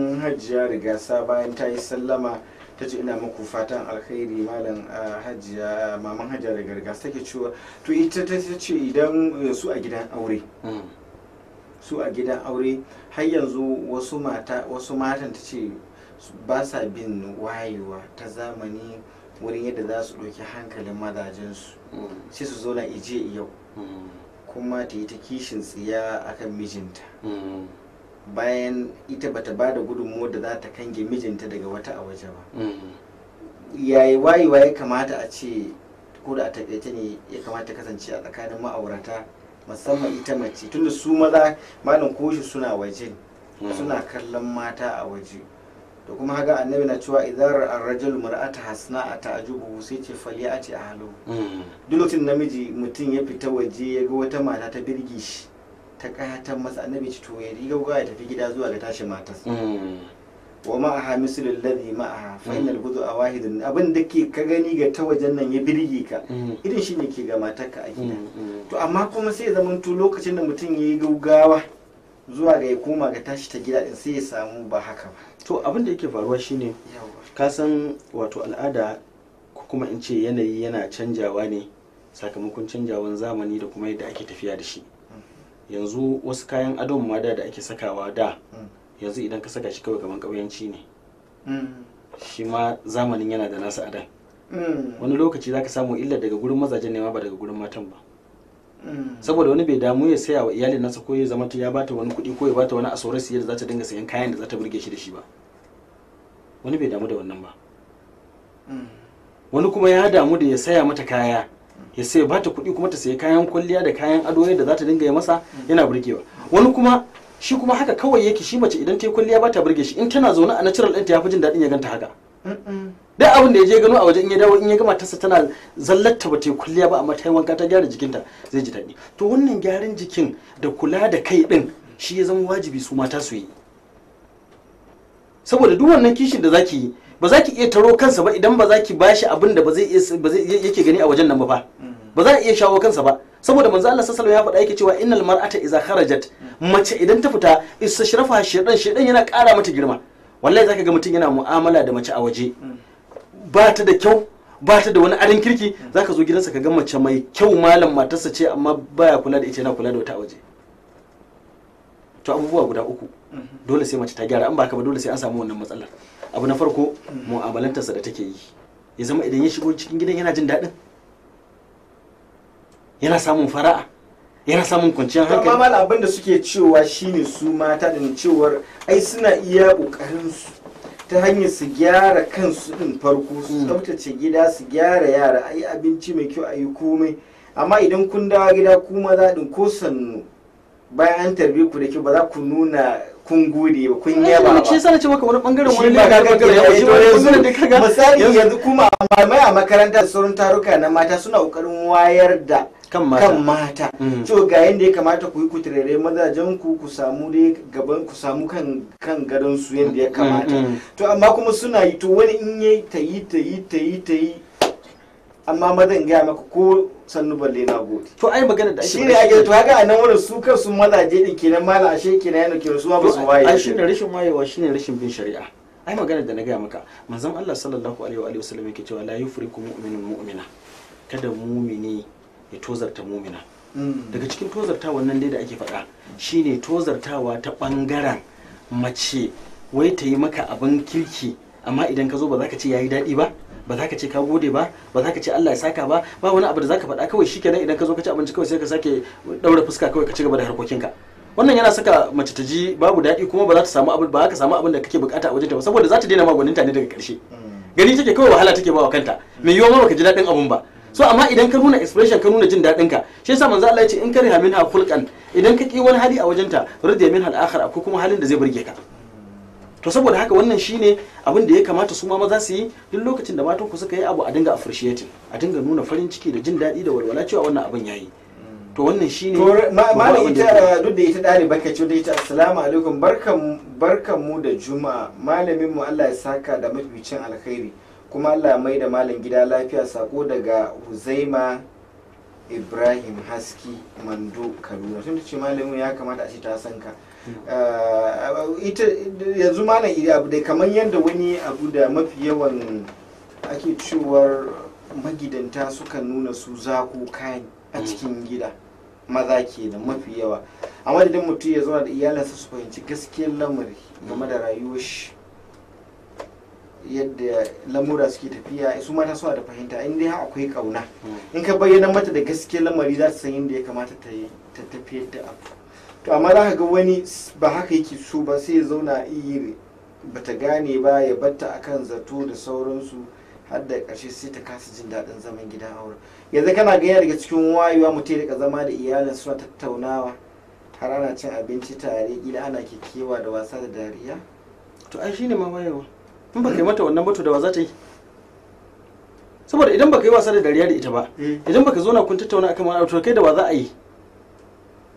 hajiya rigasa bayan ta yi sallama ta ce ina muku fatan alkhairi malam ah, hajiya maman hajiya daga rigasa take cewa to ita ta ce idan eh, su a gidan aure hmm. su a gidan aure har yanzu wasu mata wasu matan ta ce ba sa bin wayewa ta zamani wurin yadda za su ɗauki hankalin mazajensu hmm. sai su zauna ije yau hmm. kuma ta yi ta kishin tsiya akan mijinta bayan ita bata ba da gudunmuwa da za ta kange mijinta daga wata a waje ba mm-hmm. yayi wayewa ya kamata a ce ko da a taƙaice ne ya kamata kasance a tsakanin ma'aurata musamman ita mace tunda su maza malam koshi suna waje mm-hmm. suna kallon mata a waje Da kuma haga annabi na cewa idan ar-rajul mar'ata hasna ta'jubu sai ce fali a ce halu mm-hmm. duk lokacin namiji mutum ya fita waje ya ga wata mata ta birge shi ta kayatar masa annabi ci to ya riga ya tafi gida zuwa ga tashi matas mm. wa ma'aha mislul ladhi aha fa mm. innal gudu abin da ke ka gani ga ta wajen nan ya birge ka mm. irin shi ne ke ga matar ka a gida to amma kuma sai ya zamanto lokacin da mutum ya yi gaugawa zuwa ga ya koma ga tashi ta gida din sai ya samu ba haka ba to abin da yake faruwa shine ka san wato al'ada ko kuma in ce yanayi yana canjawa ne sakamakon canjawan zamani da kuma yadda ake tafiya da shi yanzu wasu kayan adon ma da ake sakawa da yanzu idan ka saka shi kawai kamar kauyanci ne shi ma zamanin yana da nasa da wani lokaci za ka samu illa daga gurin mazajen ne ma ba daga gurin matan ba saboda wani bai damu ya saya wa iyalin nasa ko ya zama ya bata wani kuɗi ko ya bata wani asorar siyar da za ta dinga sayan kayan da za ta burge shi da shi ba wani bai damu da wannan ba wani kuma ya damu da ya saya mata kaya ya sai bata kuɗi kuma ta sayi kayan kwalliya da kayan ado da za ta dinga yi masa yana burgewa wani kuma shi kuma haka kawai yake shi mace idan ta yi kwalliya bata burge shi in tana zaune a natural ɗinta ya fi jin daɗin ya ganta haka duk abin da ya je gano a waje in ya dawo in ya gama tasa tana zallatta ba ta yi kwalliya ba amma ta yi wanka ta gyara jikinta zai ji daɗi to wannan gyaran jikin da kula da kai din shi ya zama wajibi su mata su yi saboda duk wannan kishin da zaki yi ba za ki iya taro kansa ba idan ba za ki bashi abin da ba zai yake gani a wajen nan ba mm. ba za a iya shawo kansa ba saboda manzo Allah sallallahu alaihi wasallam ya faɗa yake cewa innal mar'ata iza kharajat mm. mace idan ta fita istashrafa shaydan shaydan yana ƙara mata girma wallahi zaka ga mutum yana mu'amala da mace a waje mm. ba ta da kyau ba ta da wani arin kirki zaka zo gidansa ka ga mace mai kyau malam matarsa ce amma baya kula da ita yana kula da wata a waje to abubuwa guda uku mhm. dole sai mace ta gyara an ba ka ba dole sai an samu wannan matsalar abu na farko mhm. mu'amalantarsa da take yi ya zama idan ya shigo cikin gidan yana jin daɗin yana samun fara'a yana samun kwanciyar hankali amma abin da suke cewa shine su mata da cewar ai suna iya kokarin su ta hanyar su gyara kansu din farko su mm. tsaftace gida su gyara yara ayi abinci mai kyau ayi komai amma idan kun dawo gida kuma za ko sannu bayan an tarbi ku da kyau ba za ku nuna kun gode ba kun yaba ba shi sana ce maka wani bangaren wani ne kaga ga yanzu bangaren da kaga misali yanzu kuma mai a makaranta sauran taruka na mata suna kokarin wayar da kan mata mm. to ga yanda ya kamata ku yi ku turare mazajen ku ku samu dai gaban ku samu kan kan gadon su yanda ya kamata mm, mm, to amma kuma suna yi to wani in yayi ta yi ta yi ta yi ta yi amma mazan gaya maka ko sannu balle na gode to ai magana da ake ne ake to haka anan wannan su kansu mazaje din kenan mala ashe kenan yana kiran su ba su waye ai shine rashin wayewa shine rashin bin shari'a ai magana da na gaya maka manzon Allah sallallahu alaihi wa alihi wasallam yake cewa la yufriku mu'minun mu'mina kada mumini ya tozarta mumina mm. daga cikin tozartawa nan dai da ake faɗa shine tozartawa ta bangaren mace wai ta yi maka abin kirki amma idan ka zo ba za ka ce yayi daɗi ba ba za ka ce ka gode ba ba za ka ce Allah ya saka ba ba wani abu da za ka faɗa kawai kenan idan ka zo ka ci abinci kawai sai ka sake daura fuska kawai ka ci gaba da harkokinka wannan yana saka mace ta ji babu daɗi kuma ba za ta samu abin ba ka samu abin da kake bukata a wajenta saboda za ta daina maganinta ne daga ƙarshe mm. gani take kawai wahala take wa kanta mai yiwuwa ma baka ji daɗin abun ba so amma idan ka nuna expression ka nuna jin daɗin ka shi yasa manzo Allah ya ce in kariha minha khulqan idan ka ki wani hali a wajenta radiya minha al-akhar ko kuma halin da zai burge ka to saboda haka wannan shine abin da ya kamata su ma maza su yi duk lokacin da matan ku suka yi abu a dinga appreciating a dinga nuna farin ciki da jin daɗi da walwala cewa wannan abin yayi to wannan shine malam ita duk da ita ɗalibar ka ce da ita assalamu alaikum barkan barkan mu da juma malamin mu Allah ya saka da mafificin alkhairi kuma Allah mai da malam gida lafiya sako daga Huzaima Ibrahim Haski Mando Kaduna tun ce malamin ya kamata a ce ta sanka Eh, ita yanzu mana abu dai kamar yadda wani abu da mafi yawan ake cewar magidanta suka nuna su zaku kayan a mm. cikin gida maza kenan mafi yawa da madadin mutum ya zauna da iyalinsa su fahimci gaskiyar lamari game da rayuwar shi yadda lamura suke tafiya su mata suna da fahimta in dai akwai kauna mm. in ka bayyana mata da gaskiyar lamari za ta san yadda ya kamata ta tafiyar da abu to amma za ka ga wani ba haka yake so ba sai ya zauna iya ta gane ba ya batta akan zato da sauransu har da ƙarshe sai ta kasa jin daɗin zaman gidan aure yanzu kana gani daga cikin wayewa mutum ka zama da iyalin suna tattaunawa har ana cin abinci tare gida ana kekewa da wasa da dariya to ai shine ma wayewa in ba kai mata wannan mutu da wa za ta yi saboda idan ba yi wasa da dariya da ita ba eh. idan ka zo na kun tattauna akan wani abu to kai da wa za a yi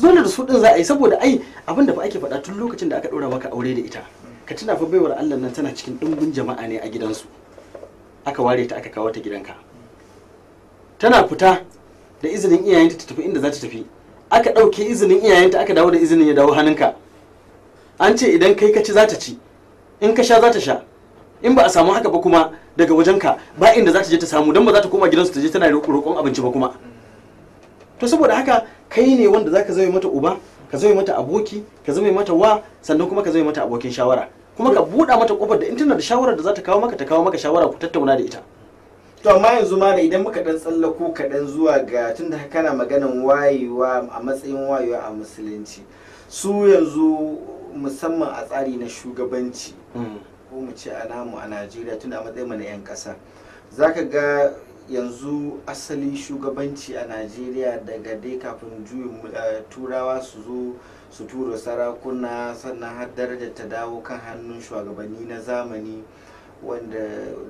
zone da su din za a yi saboda ai abin da fa ake faɗa tun lokacin da aka ɗora maka aure da ita ka tuna fa baiwar Allah nan tana cikin ɗumbin jama'a ne a gidansu aka ware ta aka kawo ta gidanka tana fita da izinin iyayenta ta tafi inda za ta tafi aka ɗauke izinin iyayenta aka dawo da izinin ya dawo hannunka an ce idan kai ka ci za ta ci in ka sha za ta sha in ba a samu haka ba kuma daga wajenka ba inda za ta je ta samu don ba za ta koma gidansu ta je tana roƙon abinci ba kuma. to saboda haka kai ne wanda zaka zama mata uba ka zama mata aboki ka zama mata wa sannan kuma ka zama mata abokin shawara kuma ka buɗa mata kofar da intanet da shawarar da za ta kawo maka ta kawo maka shawara ku tattauna da ita to amma yanzu ma da idan muka dan tsallako kaɗan zuwa ga tunda kana maganan wayewa a matsayin wayewa a musulunci su yanzu musamman a tsari na shugabanci mm. ko mu ce a namu a najeriya tunda a matsayin na 'yan ƙasa zaka ga yanzu asali shugabanci a najeriya daga dai kafin juyin eh, turawa su zo su tura sarakuna sannan har daraja ta dawo kan hannun shugabanni na zamani wanda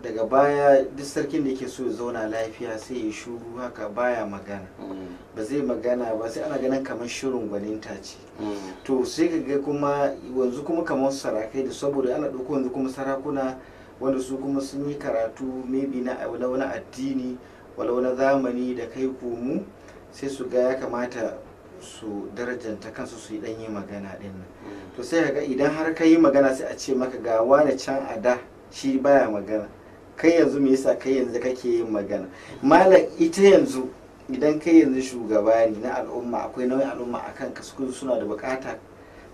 daga baya duk sarkin da ke so ya zauna lafiya sai ya shuru haka baya magana mm. ba zai magana ba sai ana ganin kamar shirin gwaninta ce mm. to sai ga kuma yanzu kuma kamar sarakai da saboda ana ɗauko yanzu kuma sarakuna wanda su kuma sun yi karatu maybe na walau na addini walau na zamani da kai komu sai su ga ya kamata su darajanta kansu su yi dan yi magana din nan mm. to sai ga idan har ka yi magana sai a ce maka ga wani can a da shi baya magana kai yanzu me yasa kai yanzu kake yin magana malam ita yanzu idan kai yanzu shugaba ne na al'umma akwai nauyin al'umma akan ka suna da bukata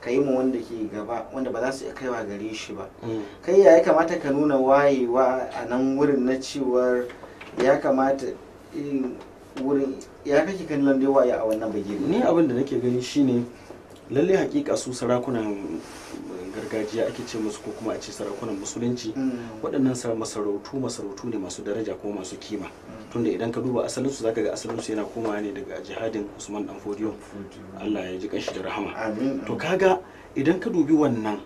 ka yi wanda ke gaba wanda ba za su kai kaiwa gare shi ba mm. kai ya kamata ka nuna wayewa a nan wurin na cewar ya kamata eh, wurin ya kake kallon dai waye a wannan bagire ni abin da nake gani shine lalle hakika su sarakunan gargajiya ake ce musu ko kuma a ce sarakunan musulunci mm. waɗannan masarautu masarautu ne masu daraja kuma masu kima tunda idan ka duba asalinsu su zaka ga asalin su yana koma ne daga jihadin Usman dan Fodiyo Allah ya ji kanshi da rahama to kaga idan ka dubi wannan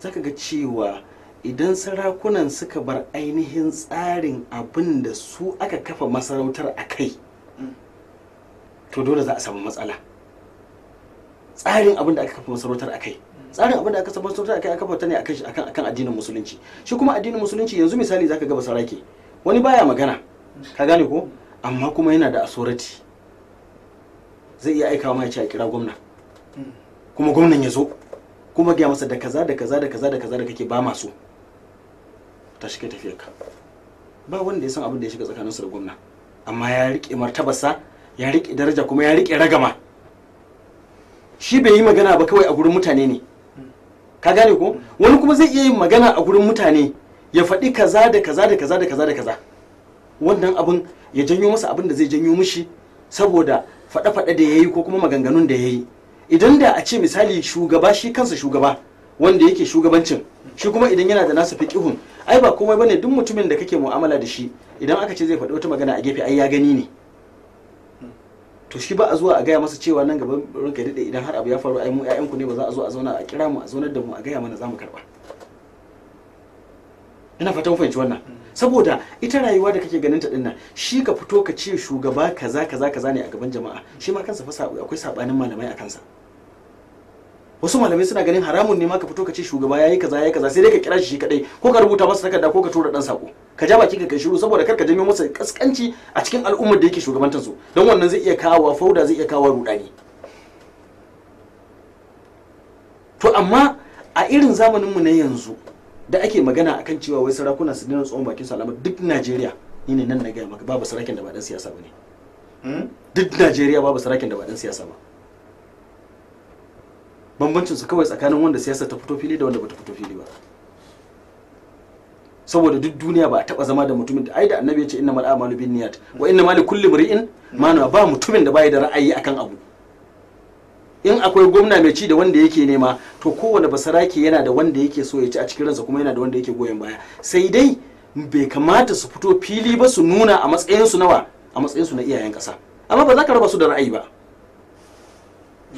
zaka ga cewa idan sarakunan suka bar ainihin tsarin abin da su aka kafa masarautar a kai mm. to dole za a samu matsala tsarin abin da aka kafa masarautar a kai tsarin abin da aka sabon sautar kai aka bauta ne akan kan addinin musulunci shi kuma addinin musulunci yanzu misali zaka ga basarake wani baya magana ka gane ko amma kuma yana da asorati zai iya aikawa ma ya ce a kira gwamna kuma gwamnan ya zo kuma gaya masa da kaza da kaza da kaza da kaza da kake ba masu ta shiga tafiyar ka ba wanda ya san abin da ya shiga tsakaninsu da gwamna amma ya rike martabarsa ya rike daraja kuma ya rike ragama shi bai yi magana ba kawai a gurin mutane ne ka gane ko wani kuma zai iya yin magana a gurin mutane ya faɗi kaza da kaza da kaza da kaza da kaza wannan abin ya janyo masa abin da zai janyo mishi saboda faɗe-faɗe da ya yi ko kuma maganganun da ya yi idan da a ce misali shugaba shi kansa shugaba wanda yake shugabancin shi kuma idan yana da nasa fiƙihun ai ba komai bane duk mutumin da kake mu'amala da shi idan aka ce zai faɗi wata magana a gefe ai ya gani ne to shi ba a zuwa a gaya masa cewa nan gaban ranka daɗe idan har abu ya faru ai mu ƴaƴanku ne ba za a zo a zauna a kira mu a zaunar da mu a gaya mana za mu karɓa ina fatan fahimci wannan saboda ita rayuwa da kake ganin ta dinnan shi ka fito ka ce shugaba kaza kaza kaza ne a gaban jama'a shi ma kansa fa akwai sabanin malamai a kansa wasu malamai suna ganin haramun ne ma ka fito ka ce shugaba yayi kaza yayi kaza sai dai ka kira shi kadai ko ka rubuta masa takarda ko ka tura dan sako ka ja baki ka kai shiru saboda kar ka janyo masa kaskanci a cikin al'ummar da yake shugabantar su don wannan zai iya kawo fauda zai iya kawo rudani to amma a irin zamanin mu na yanzu da ake magana akan cewa wai sarakuna su dina tsohon bakin salama duk Najeriya ni ne nan na gaya maka babu sarakin da ba dan siyasa bane hmm? duk Najeriya babu sarakin da ba dan siyasa ba bambancin su kawai tsakanin wanda siyasa ta fito fili da wanda bata fito fili ba saboda duk duniya ba a taba zama da mutumin da ai da annabi ya ce innamal a'malu binniyat wa innamal likulli mri'in ma ba mutumin da bai da ra'ayi akan abu in akwai gwamna mai ci da wanda yake nema to kowane basarake yana da wanda yake so ya ci a cikin ransa kuma yana da wanda yake goyon baya sai dai bai kamata su fito fili ba su nuna a matsayinsu nawa a matsayinsu na iyayen kasa amma ba za ka raba su da ra'ayi ba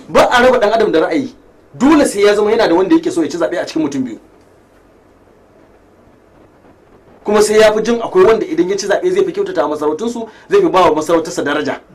ba a raba dan adam da ra'ayi dole sai ya zama yana da wanda yake so ya ci zaɓe a cikin mutum biyu kuma sai ya fi jin akwai wanda idan ya ci zaɓe zai fi kyautata su zai fi ba wa masarautarsa daraja